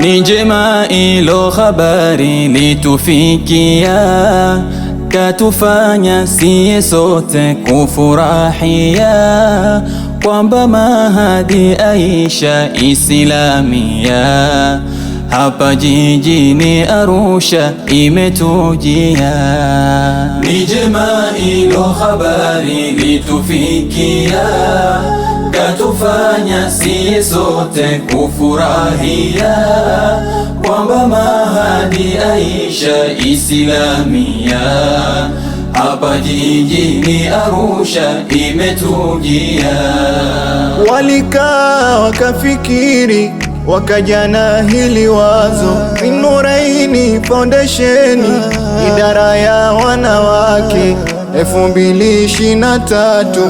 Ni njema ilo habari litufikia, katufanya siye sote kufurahia, kwamba Mahadi aisha Islamia hapa jijini Arusha imetujia, ni jema ilo habari litufikia, katufanya siye sote kufurahia kwamba mahadi Aisha Islamia hapa jijini Arusha imetujia. Walikaa wakafikiri wakajana hili wazo Nuraini Foundation, idara ya wanawake elfu mbili ishirini na tatu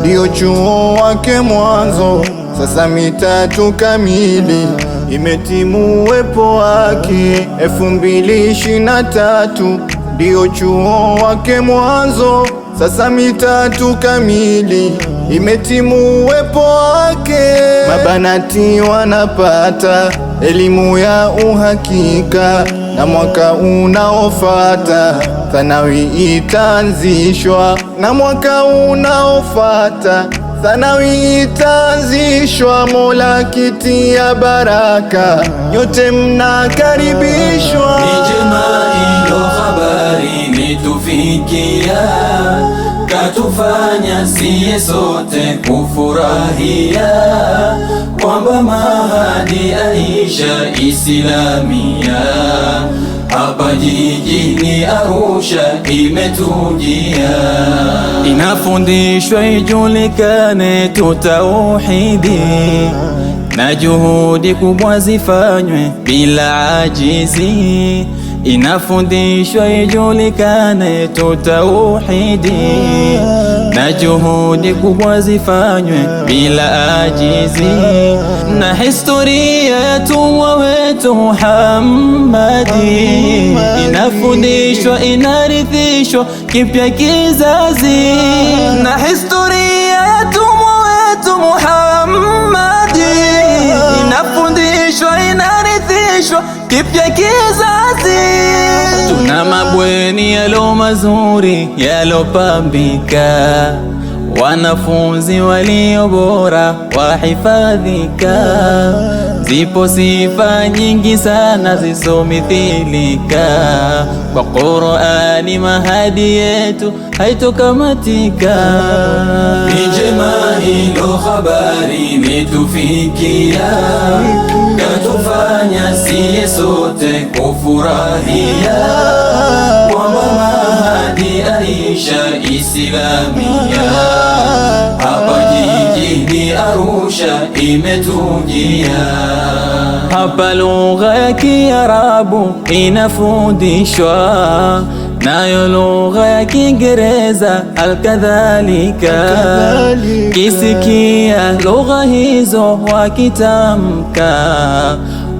ndio chuo wake mwanzo, sasa mitatu kamili imetimu uwepo wake. elfu mbili ishirini na tatu ndio chuo wake mwanzo, sasa mitatu kamili imetimu uwepo wake. Mabanati wanapata elimu ya uhakika, na mwaka unaofata thanawi itaanzishwa, na mwaka unaofata thanawi itaanzishwa. Mola kiti ya baraka, nyote mnakaribishwa. Ni jema iyo habari, nitufikia katufanya siye sote kufurahia kwamba Mahadi aisha Islamia hapa jijini Arusha imetujia, inafundishwa ijulikane tutauhidi na juhudi kubwa zifanywe bila ajizi inafundishwa ijulikane tu tauhidi na juhudi kubwa zifanywe bila ajizi na historia ya tumwa wetu Muhammadi inafundishwa inarithishwa kipya kizazi na historia ya tumwa wetu Muhammadi inafundishwa inarithishwa kipya kizazi mabweni yalo mazuri yalopambika, wanafunzi walio bora wahifadhika. Zipo sifa nyingi sana zisomithilika kwa Qur'ani, mahadi yetu haitokamatika. Ni njema hilo habari metufikia, katufanya siye sote kufurahia kwamba mahadi aisha Islamia hapa ni Arusha imetujia hapa, lugha ya Kiarabu inafundishwa nayo lugha ya Kiingereza alkadhalika. Kisikia lugha hizo wakitamka,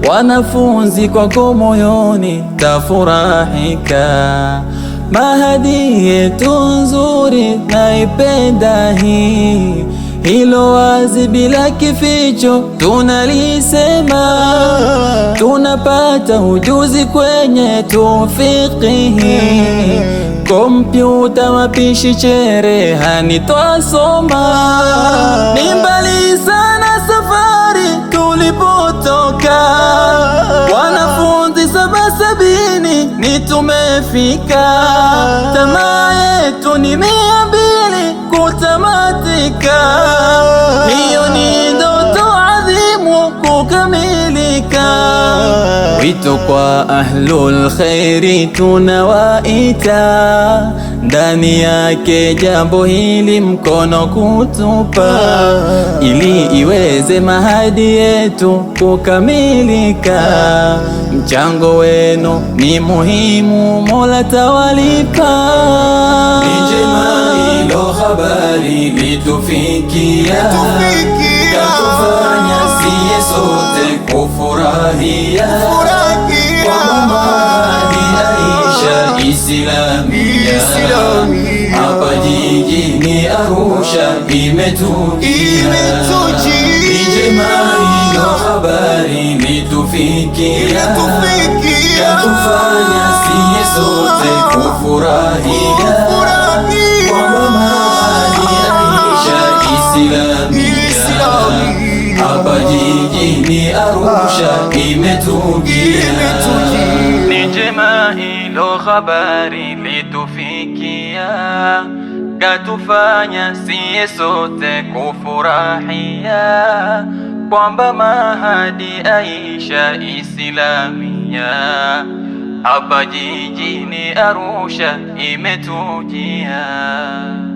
wanafunzi kwako moyoni tafurahika. Mahadi yetu nzuri naipenda hii hilo wazi bila kificho, tunalisema tunapata ujuzi kwenye tufikihi, kompyuta, mapishi, cherehani, twasoma. Ni mbali sana safari tulipotoka, wanafunzi saba sabini ni tumefika, tamaa yetu ni mia mbili kutamatika, hiyo ni ndoto adhimu kukamilika. Wito kwa ahlul khairi tunawaita, ndani yake jambo hili mkono kutupa, ili iweze mahadi yetu kukamilika. Mchango wenu ni muhimu, Mola tawalipa. Katufikia, katufanya siye sote kufurahia kwa Aisha Islamia hapa jijini Arusha imetujia habari litufikia, kutufanya siye sote kufurahia tugile tuji. Ni jema ilo habari litufikia, katufanya siye sote kufurahia kwamba mahadi Aisha isilamia hapa jijini Arusha imetujia.